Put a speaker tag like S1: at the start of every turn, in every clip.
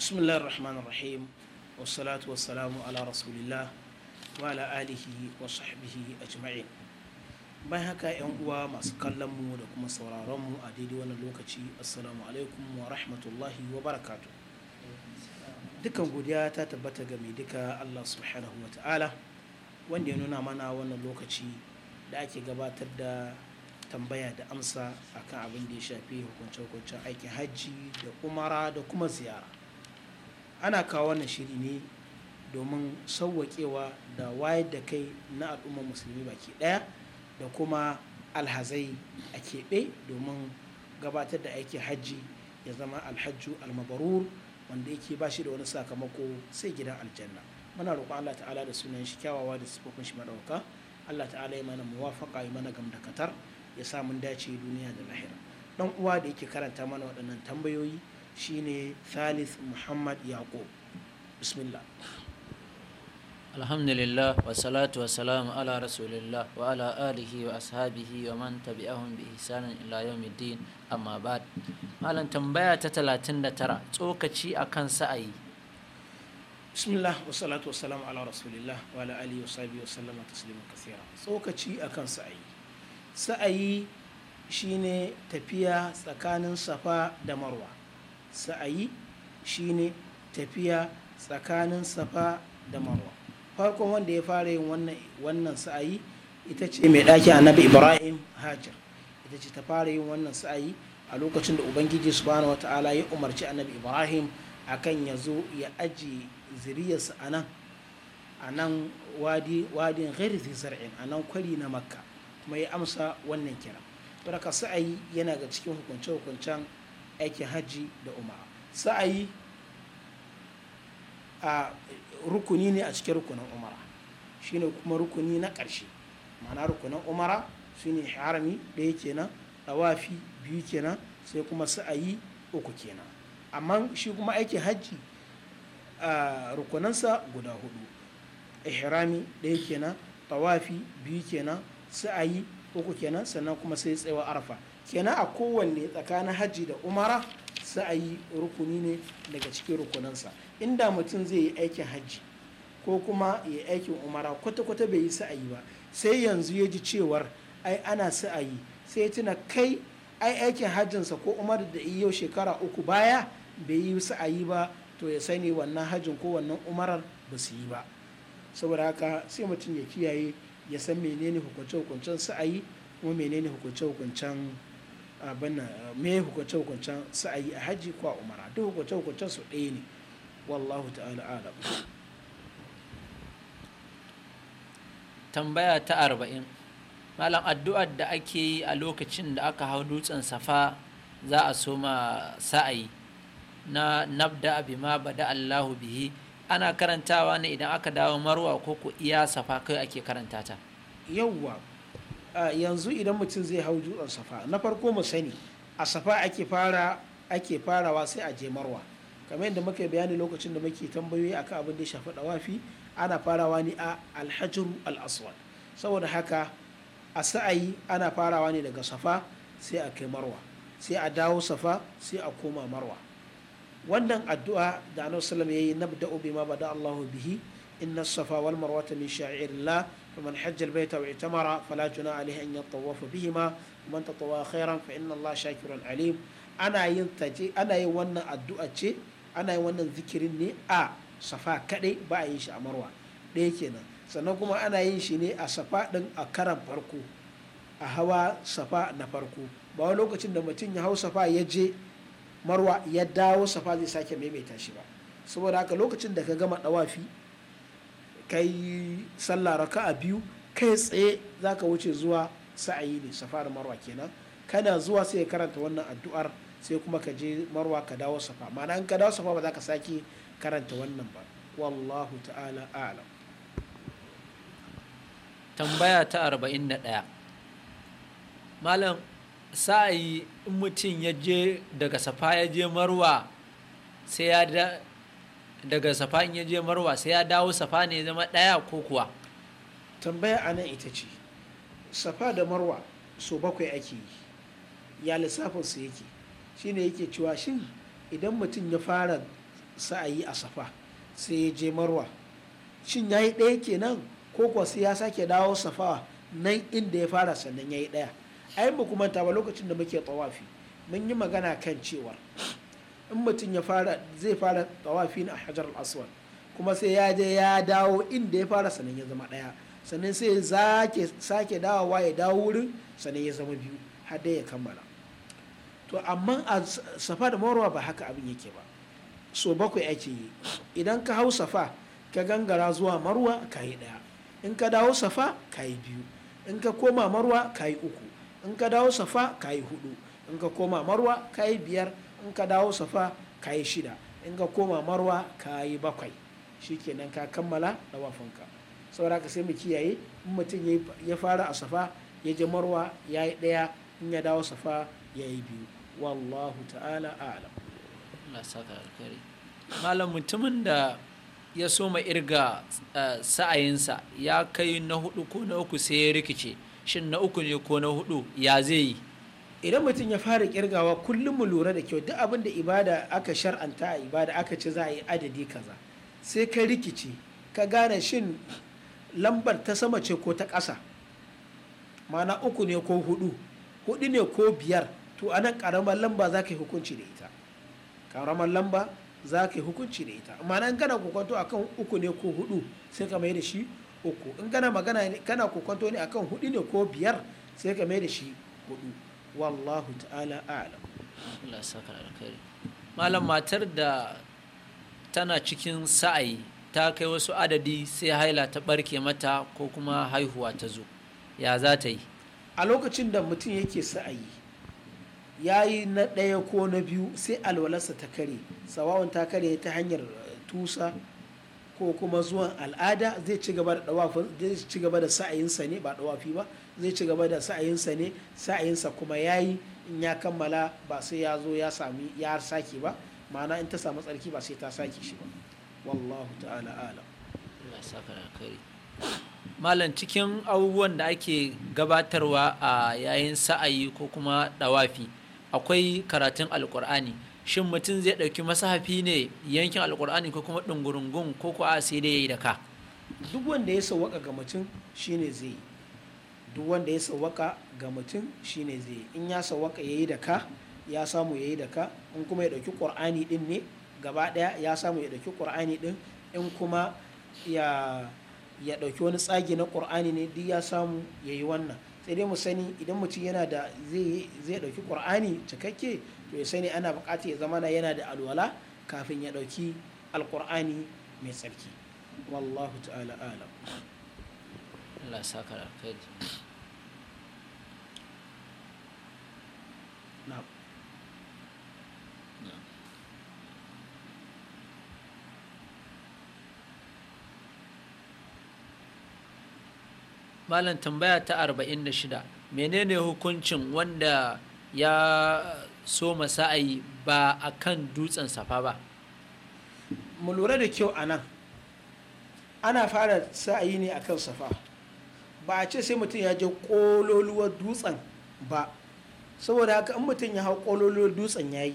S1: بسم الله الرحمن الرحيم والصلاة والسلام على رسول الله وعلى آله وصحبه أجمعين bayan haka yan uwa masu kallon mu da kuma sauraron mu a daidai wannan lokaci assalamu alaikum wa rahmatullahi wa barakatu dukkan godiya ta tabbata ga mai duka Allah subhanahu wa ta'ala wanda ya nuna mana wannan lokaci da ake gabatar da tambaya da amsa akan abin da ya shafi hukunce-hukuncen aikin hajji da umara da kuma ziyara ana kawo wannan shiri ne domin sauwaƙewa da wayar da kai na al'ummar musulmi baki ɗaya da kuma alhazai a keɓe domin gabatar da aikin hajji ya zama alhajju almabarur wanda yake ba shi da wani sakamako sai gidan aljanna muna roƙon allah ta'ala da sunan shi kyawawa da sifofin shi maɗauka allah ta'ala ya mana muwafaƙa ya mana gamdakatar ya sa mun dace duniya da lahira dan uwa da yake karanta mana waɗannan tambayoyi shine thalith muhammad yaqub bismillah
S2: alhamdulillah wasalatu wasalamu ala rasulillah wa ala alihi wa ashabihi wa man tabi'ahum bi ihsanin ila yawmiddin amma ba'd malam tambaya ta 39
S1: tsokaci akan sa'ayi bismillah wasalatu wasalamu ala rasulillah wa ala alihi wa sahbihi wa sallama tasliman kathira tsokaci akan sa'ayi sa'ayi shine tafiya tsakanin safa da marwa sa'ayi shine tafiya tsakanin safa da marwa farkon wanda ya fara yin wannan wannan sa'ayi ita ce mai ɗaki annabi ibrahim hajar ita ce ta fara yin wannan sa'ayi a lokacin da ubangiji subhanahu wataala ya umarci annabi ibrahim akan ya zo ya aji ziriyarsa a nan a nan wadi wadin ghairizi zar'in a nan kwari na makka kuma ya amsa wannan kira barka sa'ayi yana ga cikin hukunce-hukuncen aikin hajji da umara sa'ayi a rukuni ne a cikin rukunin umara shine kuma rukuni na ƙarshe mana rukunin umara ne harami ɗaya kenan ɗawafi biyu kenan sai kuma sa'ayi uku kenan amma shi kuma aikin hajji a rukunansa guda hudu ihrami ɗaya kenan tawafi biyu kenan sa'ayi uku kenan sannan kuma sai tsayawa arafa. kenan a kowanne tsakanin hajji da umara sa'ayi rukuni ne daga cikin rukunansa inda mutum zai yi aikin hajji ko kuma ya aikin umara kwata-kwata bai yi sa'ayi ba sai yanzu ya ji cewar ai ana sa'ayi sai tuna kai ai aikin hajjinsa ko umar da yau shekara uku baya bai yi sa'ayi ba to ya sani wannan hajjin ko wannan umarar ba su yi ba saboda haka sai mutum ya kiyaye ya san menene hukunce-hukuncen sa'ayi kuma menene hukunce-hukuncen abin nan me hukunce hukuncen su a yi a haji ko a umara duk hukunce hukuncen su ɗaya ne wallahu ta'ala alam
S2: tambaya ta arba'in malam addu'ar da ake yi a lokacin da aka hau dutsen safa za a soma sa'ayi na nabda bima bada allahu bihi ana karantawa ne idan aka dawo marwa ko ku iya safa kai ake karanta ta
S1: yawwa yanzu idan mutum zai hau dutsen safa na farko mu sani a safa ake fara ake farawa sai a je marwa kamar yadda muka bayani lokacin da muke tambayoyi akan abin da ya shafi dawafi ana farawa ne a alhajar al-aswad saboda haka a sa'ayi ana farawa ne daga safa sai a kai marwa sai a dawo safa sai a koma marwa wannan addu'a da annabi sallallahu alaihi wasallam yayi nabda'u bima bada Allahu bihi inna safa wal marwata min sha'irillah فمن حج البيت أو اعتمر فلا جنى عليه أن يطوف بهما ومن تطوى خيرا فإن الله شاكر عليم أنا ينتجي أنا يوانا الدعاء أنا يوانا ذكرني أ safa kadai ba a yin shi a marwa ɗaya kenan sannan kuma ana yin shi ne a safa ɗin a karan farko a hawa safa na farko ba wani lokacin da mutum ya hau safa ya je marwa ya dawo safa zai sake maimaita shi ba saboda haka lokacin da ka gama ɗawafi kai sallah a biyu kai tsaye za ka wuce zuwa sa'ayi ne safa marwa kenan kana zuwa sai ya karanta wannan addu'ar sai kuma ka je marwa ka dawo safa ma'ana in ka dawo safa ba za ka sake karanta wannan ba wallahu ta'ala a'lam
S2: tambaya ta 41 malam sa'ayi in mutum ya je daga safa ya je marwa sai ya daga safa in ya je marwa sai ya dawo safa ne ya zama ɗaya ko kuwa
S1: tambaya a nan ita ce safa da marwa so bakwai ake yi ya lissafin su yake shine yake cewa shin idan mutum ya fara sa'ayi a safa sai ya je marwa shin ya yi ɗaya kenan ko kuwa sai ya sake dawo safa nan inda ya fara sannan ya yi ɗaya a yi ba ba lokacin da muke tsawafi mun yi magana kan cewar in mutum ya fara zai fara tawafi a hajar al'aswar kuma sai ya je ya dawo inda ya fara sanin ya zama ɗaya sannan sai zake sake dawowa ya dawo wurin sanin ya zama biyu har dai ya kammala to amma a safa da marwa ba haka abin yake ba so bakwai ake yi idan ka hau safa ka gangara zuwa marwa ka yi ɗaya in ka dawo safa ka yi biyu in ka koma marwa ka yi uku in ka dawo safa ka yi hudu in ka koma marwa ka yi biyar in ka dawo safa ka yi shida in ka koma marwa ka yi bakwai shikenan ka kammala wafanka saboda ka sai mu kiyaye in mutum ya fara a safa ya je marwa ya yi ɗaya in ya dawo safa ya yi biyu wallahu ta'ala alam
S2: malam mutumin da ya soma irga eh, sa'ayinsa ya kai na hudu ko na uku sai ya rikice shin na uku ne ko na hudu ya zai yi
S1: idan mutum ya fara kirgawa kullum mu lura da kyau duk abin da ibada aka shar'anta a ibada aka ci za a yi adadi kaza sai ka rikici ka gane shin lambar ta sama ce ko ta ƙasa mana uku ne ko hudu hudu ne ko biyar to anan karamar lamba za ka yi hukunci da ita karamar lamba za ka yi hukunci da ita mana in kana a akan uku ne ko hudu sai ka mai da shi uku in gana magana kana kokonto ne akan hudu ne ko biyar sai ka mai da shi hudu wallahu ta'ala a'lam
S2: malam matar da tana cikin sa'ayi ta kai wasu adadi sai haila ta barke mata ko kuma haihuwa ta zo ya
S1: za ta yi a lokacin da mutum yake sa'ayi ya yi na ɗaya ko na biyu sai alwalarsa ta kare sawawan ta kare ta hanyar tusa ko kuma zuwan al'ada zai ci gaba da dawafin zai ci gaba da sa'ayinsa ne ba dawafi ba zai ci gaba da sa'ayinsa ne sa'ayinsa kuma yayi in ya kammala ba sai ya zo ya sami ya saki ba ma'ana in ta samu tsarki ba sai ta saki shi ba wallahu ta'ala alam
S2: malam cikin abubuwan da ake gabatarwa a yayin sa'ayi ko kuma dawafi akwai karatun alkur'ani shin mutum zai ɗauki masahafi ne yankin alkur'ani ko kuma ɗungurungun ko ko a sai dai yayi da ka
S1: duk wanda ya sawaka ga mutum shine zai duk wanda ya sawaka ga mutum shine zai in ya ya yi da ka ya samu ya yi da ka in kuma ya ɗauki ƙur'ani ɗin ne gaba ɗaya ya samu ya ɗauki ƙur'ani ɗin in kuma ya ɗauki wani tsagi na ƙur'ani ne duk ya samu ya yi wannan sai dai mu sani idan mutum yana da zai zai dauki qur'ani cikakke to ya sani ana bukata ya zama yana da alwala kafin ya dauki alqur'ani mai tsarki wallahu ta'ala alam
S2: Allah saka da na malam tambaya ta arba'in da shida menene hukuncin wanda ya so sa'ayi ba a kan dutsen safa ba
S1: mu lura da kyau a nan ana fara sa'ayi ne akan safa ba a ce sai mutum ya je kololuwar dutsen ba saboda haka in mutum ya hau kololuwar dutsen ya yi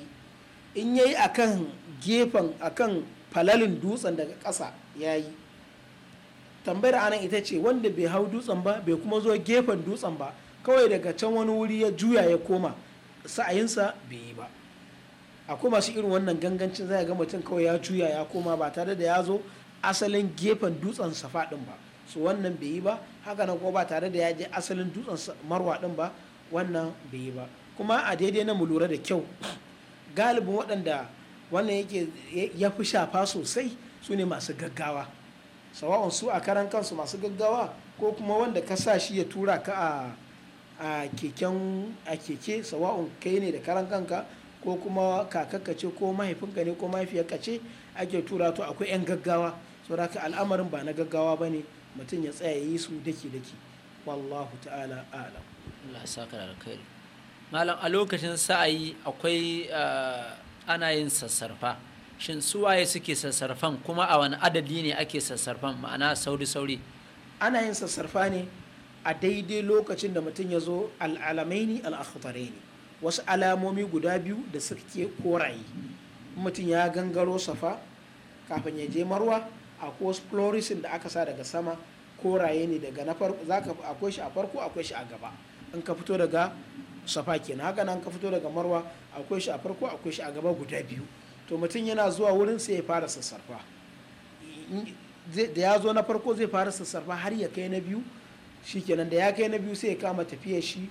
S1: in ya yi akan gefen akan falalin dutsen daga ƙasa ya yi tambayar anan ita ce wanda bai hau dutsen ba bai kuma zo gefen dutsen ba kawai daga can wani wuri ya juya ya koma sa'ayinsa bai yi ba akwai masu irin wannan gangancin zai ga mutum kawai ya juya ya koma ba tare da ya zo asalin gefen dutsen safa din ba su wannan bai yi ba haka nan ko ba tare da ya je asalin dutsen marwa din ba wannan bai yi ba kuma a daidai na mu lura da kyau galibin waɗanda wannan yake ya fi shafa sosai su ne masu gaggawa sawa'un su a karan kansu masu gaggawa ko kuma wanda ka sa shi ya tura ka a a keken a keke sawa'un kai ne da karan kanka ko kuma kakakka ce ko mahaifinka ne ko mahaifiyarka ce ake tura to akwai 'yan gaggawa saboda ka al'amarin ba na gaggawa ba ne mutum ya tsaya yi su daki daki wallahu ta'ala alam Allah ya saka
S2: malam a lokacin sa'ayi akwai eh, ana yin sassarfa shin suwaye suke sassarfan kuma a wani adadi ne ake sassarfan ma'ana sauri-sauri
S1: ana yin sassarfa ne a daidai lokacin da mutum ya zo al'alamaini ne. wasu alamomi guda biyu da suke koraye mutum ya gangaro safa kafin ya je marwa akwai wasu florisin da aka sa daga sama koraye ne daga na farko zaka akwai shi a farko akwai shi a gaba in ka fito daga safa kenan haka nan ka fito daga marwa akwai shi a farko akwai shi a gaba guda biyu to mutum yana zuwa wurin sai ya fara sassarfa da ya zo na farko zai fara sassarfa har ya kai na biyu kenan da ya kai na biyu sai ya kama tafiyar shi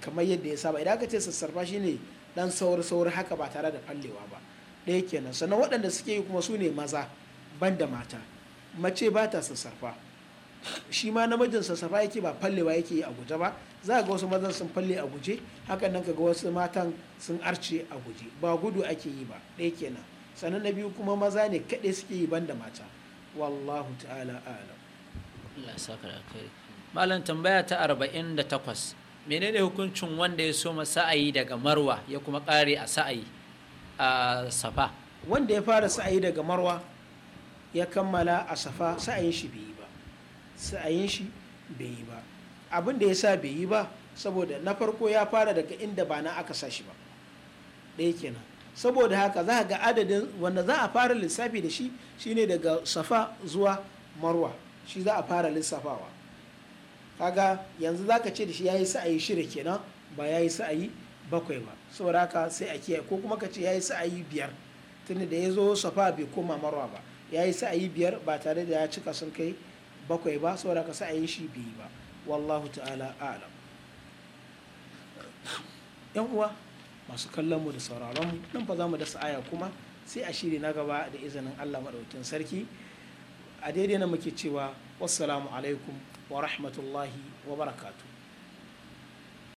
S1: kamar yadda ya saba idan aka ce sassarfa shine dan saur saur haka ba tare da fallewa ba ɗaya kenan sannan waɗanda suke yi kuma su ne maza ban da mata mace ba ta sassarfa shi ma namijin sassarfa yake ba fallewa yake yi a guje ba za ga wasu mazan sun falle a guje hakan nan ga wasu matan sun arce a guje ba gudu ake yi ba ɗaya kenan sannan na biyu kuma maza ne kaɗai suke yi banda mata wallahu ta'ala alam Allah saka da kai
S2: malam tambaya ta 48 menene hukuncin wanda ya soma sa'ayi daga marwa ya kuma ƙare a sa'ayi a safa
S1: wanda ya fara sa'ayi daga marwa ya kammala a safa sa'ayin shi bai yi ba sa'ayin shi bai yi ba abin da ya sa bai yi ba saboda na farko ya fara daga inda ba na aka sashi ba ɗaya kenan saboda haka za ga adadin wanda za a fara lissafi da shi shi ne daga safa zuwa marwa shi za a fara lissafawa kaga yanzu za ka ce da shi ya yi sa'ayi shida kenan ba ya yi sa'ayi bakwai ba saboda haka sai a kiyaye ko kuma ka ce ya yi sa'ayi biyar tunda da ya zo safa bai koma marwa ba ya yi sa'ayi biyar ba tare da ya cika sun kai bakwai ba saboda haka sa'ayin shi bai yi ba wallahu ta'ala a'lam yan uwa masu kallon mu da sauraron mu nan fa za mu dasa aya kuma sai a shiri na gaba da izinin Allah madaukakin sarki a daidai na muke cewa wassalamu alaikum wa rahmatullahi wa barakatu